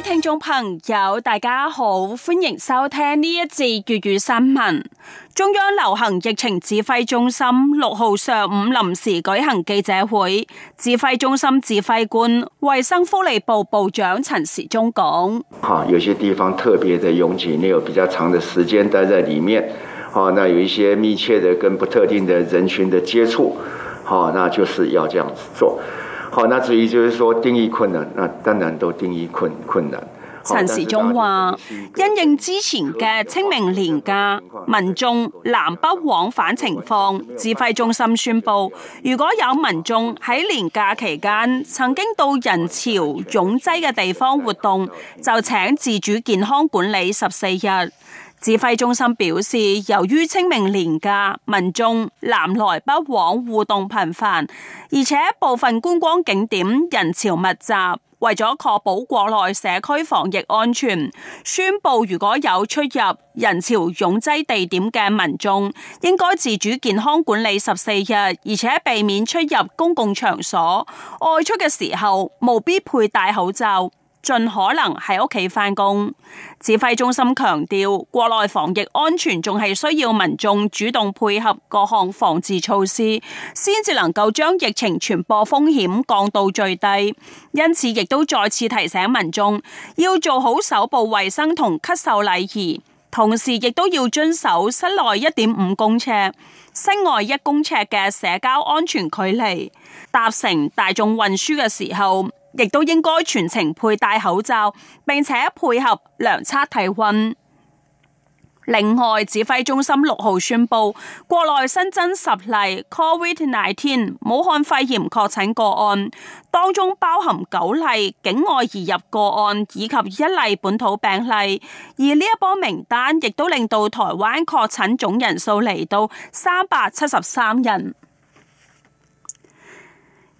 聽眾朋友，大家好，歡迎收聽呢一節粵語新聞。中央流行疫情指揮中心六號上午臨時舉行記者會，指揮中心指揮官衛生福利部部部長陳時中講：有些地方特別的擁擠，你有比較長的時間待在裏面，那有一些密切的跟不特定的人群的接觸，那就是要這樣子做。好，那至於就是說定義困難，那當然都定義困困難。陳時中話：因應之前嘅清明連假，民眾南北往返情況，指揮中心宣布，如果有民眾喺連假期間曾經到人潮擁擠嘅地方活動，就請自主健康管理十四日。指揮中心表示，由於清明連假，民眾南來北往互動頻繁，而且部分觀光景點人潮密集，為咗確保國內社區防疫安全，宣布如果有出入人潮擁擠地點嘅民眾，應該自主健康管理十四日，而且避免出入公共場所。外出嘅時候，務必佩戴，戴口罩。盡可能喺屋企返工。指揮中心強調，國內防疫安全仲係需要民眾主動配合各項防治措施，先至能夠將疫情傳播風險降到最低。因此，亦都再次提醒民眾要做好手部衛生同咳嗽禮儀，同時亦都要遵守室內一點五公尺、室外一公尺嘅社交安全距離。搭乘大眾運輸嘅時候，亦都應該全程佩戴口罩，並且配合量測體溫。另外，指揮中心六號宣布，國內新增十例 COVID-19 武漢肺炎確診個案，當中包含九例境外移入個案以及一例本土病例。而呢一波名單亦都令到台灣確診總人數嚟到三百七十三人。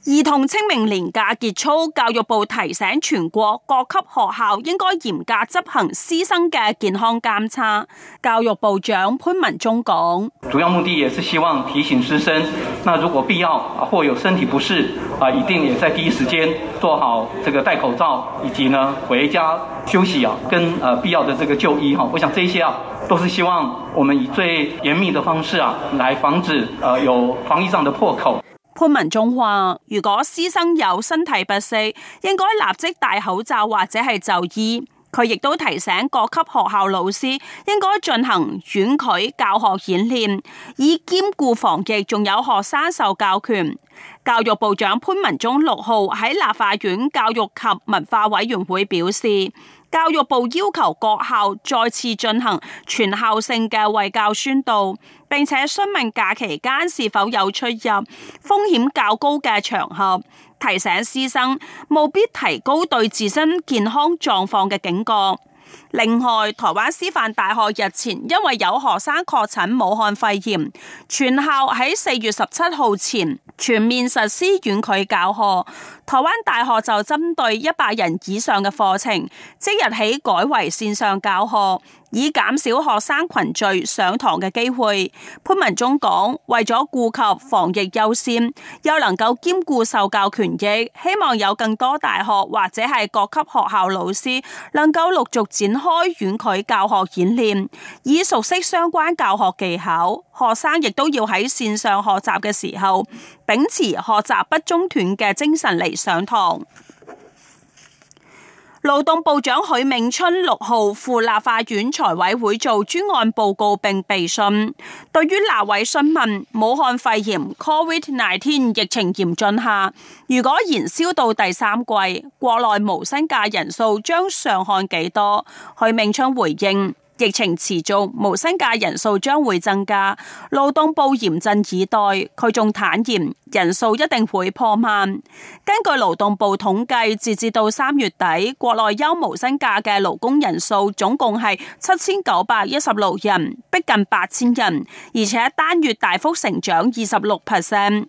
兒童清明年假結束，教育部提醒全國各級學校應該嚴格執行師生嘅健康監測。教育部長潘文忠講：主要目的也是希望提醒師生，那如果必要或有身體不適啊，一定也在第一時間做好這個戴口罩，以及呢回家休息啊，跟呃必要的這個就醫哈。我想這些啊，都是希望我們以最嚴密的方式啊，來防止呃有防疫上的破口。潘文忠話：如果師生有身體不適，應該立即戴口罩或者係就醫。佢亦都提醒各級學校老師應該進行遠距教學演練，以兼顧防疫，仲有學生受教權。教育部長潘文忠六號喺立法院教育及文化委員會表示。教育部要求各校再次進行全校性嘅衛教宣導，並且詢問假期間是否有出入風險較高嘅場合，提醒師生務必提高對自身健康狀況嘅警覺。另外，台灣師範大學日前因為有學生確診武漢肺炎，全校喺四月十七號前全面實施遠距教學。台灣大學就針對一百人以上嘅課程，即日起改為線上教學，以減少學生群聚上堂嘅機會。潘文忠講：為咗顧及防疫優先，又能夠兼顧受教權益，希望有更多大學或者係各級學校老師能夠陸續展開遠距教學演練，以熟悉相關教學技巧。學生亦都要喺線上學習嘅時候，秉持學習不中斷嘅精神嚟上堂，勞動部長許銘春六號赴立法院財委會做專案報告，並備詢。對於那位詢問武漢肺炎 （COVID-19） 疫情嚴峻下，如果延燒到第三季，國內無薪假人數將上看幾多？許銘春回應。疫情持續，無薪假人數將會增加。勞動部嚴陣以待，佢仲坦言人數一定會破萬。根據勞動部統計，截至到三月底，國內休無薪假嘅勞工人數總共係七千九百一十六人，逼近八千人，而且單月大幅成長二十六 percent。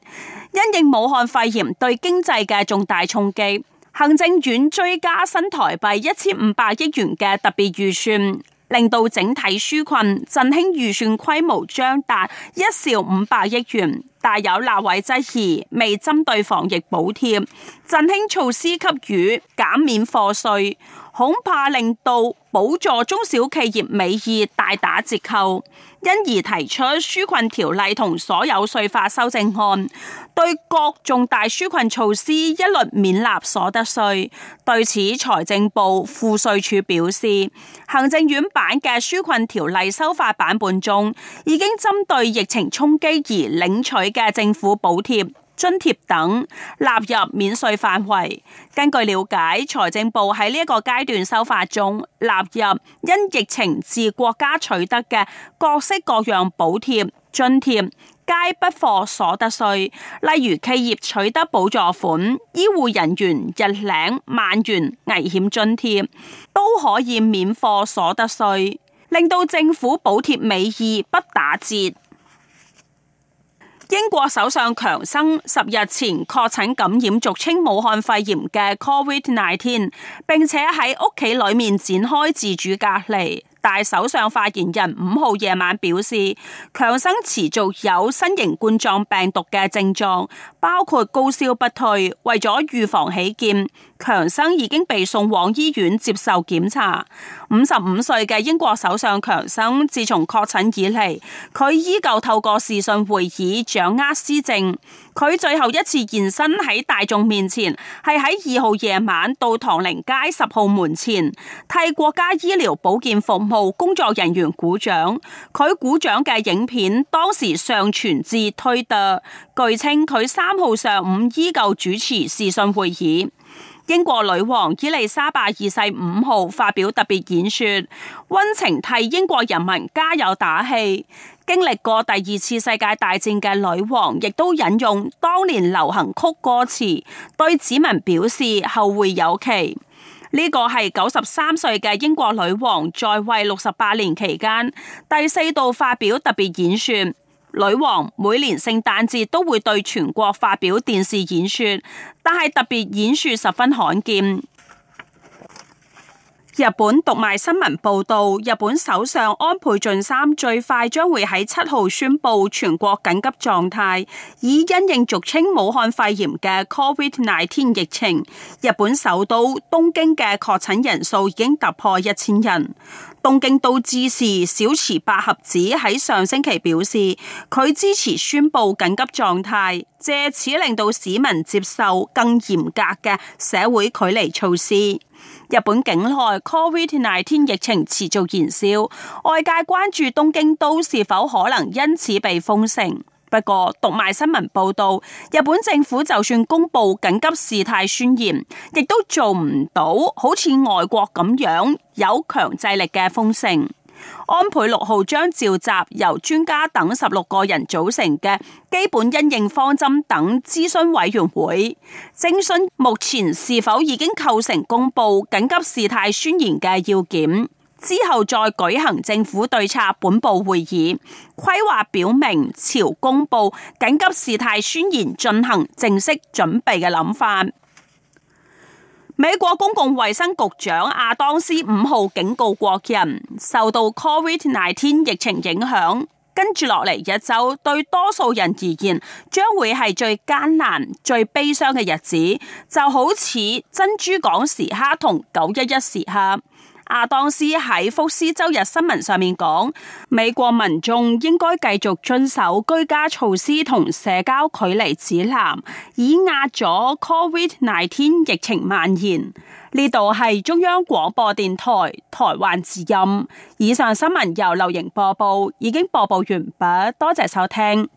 因應武漢肺炎對經濟嘅重大衝擊，行政院追加新台幣一千五百億元嘅特別預算。令到整體紓困振興預算規模將達一兆五百億元，大有立委質疑未針對防疫補貼振興措施給予減免課稅，恐怕令到補助中小企業美意大打折扣。因而提出紓困條例同所有稅法修正案，對各重大紓困措施一律免納所得稅。對此，財政部賦稅處表示，行政院版嘅紓困條例修法版本中，已經針對疫情衝擊而領取嘅政府補貼。津貼等納入免稅範圍。根據了解，財政部喺呢一個階段修法中，納入因疫情自國家取得嘅各式各樣補貼津貼，皆不課所得稅。例如企業取得補助款、醫護人員日領萬元危險津貼，都可以免課所得稅，令到政府補貼美意不打折。英國首相強生十日前確診感染俗稱武漢肺炎嘅 Covid nineteen，並且喺屋企裏面展開自主隔離。但首相發言人五號夜晚表示，強生持續有新型冠狀病毒嘅症狀，包括高燒不退，為咗預防起見，強生已經被送往醫院接受檢查。五十五歲嘅英國首相強生自從確診以嚟，佢依舊透過視訊會議掌握施政。佢最後一次現身喺大眾面前，係喺二號夜晚到唐寧街十號門前，替國家醫療保健服務工作人員鼓掌。佢鼓掌嘅影片當時上傳至推特，據稱佢三號上午依舊主持視訊會議。英國女王伊麗莎白二世五號發表特別演說，溫情替英國人民加油打氣。經歷過第二次世界大戰嘅女王，亦都引用當年流行曲歌詞，對子民表示後會有期。呢個係九十三歲嘅英國女王在位六十八年期間第四度發表特別演說。女王每年聖誕節都會對全國發表電視演說，但係特別演說十分罕見。日本讀賣新聞報道，日本首相安倍晉三最快將會喺七號宣布全國緊急狀態，以因應俗稱武漢肺炎嘅 COVID-19 疫情。日本首都東京嘅確診人數已經突破一千人。東京都知事小池百合子喺上星期表示，佢支持宣布緊急狀態，借此令到市民接受更嚴格嘅社會距離措施。日本境內 COVID-19 疫情持續延燒，外界關注東京都是否可能因此被封城。不過，讀賣新聞報道，日本政府就算公布緊急事態宣言，亦都做唔到好似外國咁樣有強制力嘅封城。安倍六號將召集由專家等十六個人組成嘅基本因應方針等諮詢委員會，徵詢目前是否已經構成公布緊急事態宣言嘅要件，之後再舉行政府對策本部會議。規劃表明朝公布緊急事態宣言進行正式準備嘅諗法。美國公共衛生局長阿當斯五號警告國人，受到 COVID-19 疫情影響，跟住落嚟一週對多數人而言，將會係最艱難、最悲傷嘅日子，就好似珍珠港時刻同九一一時刻。亞當斯喺福斯周日新聞上面講，美國民眾應該繼續遵守居家措施同社交距離指南，以壓咗 Covid nineteen 疫情蔓延。呢度係中央廣播電台台灣之音，以上新聞由劉瑩播報，已經播報完畢，多謝收聽。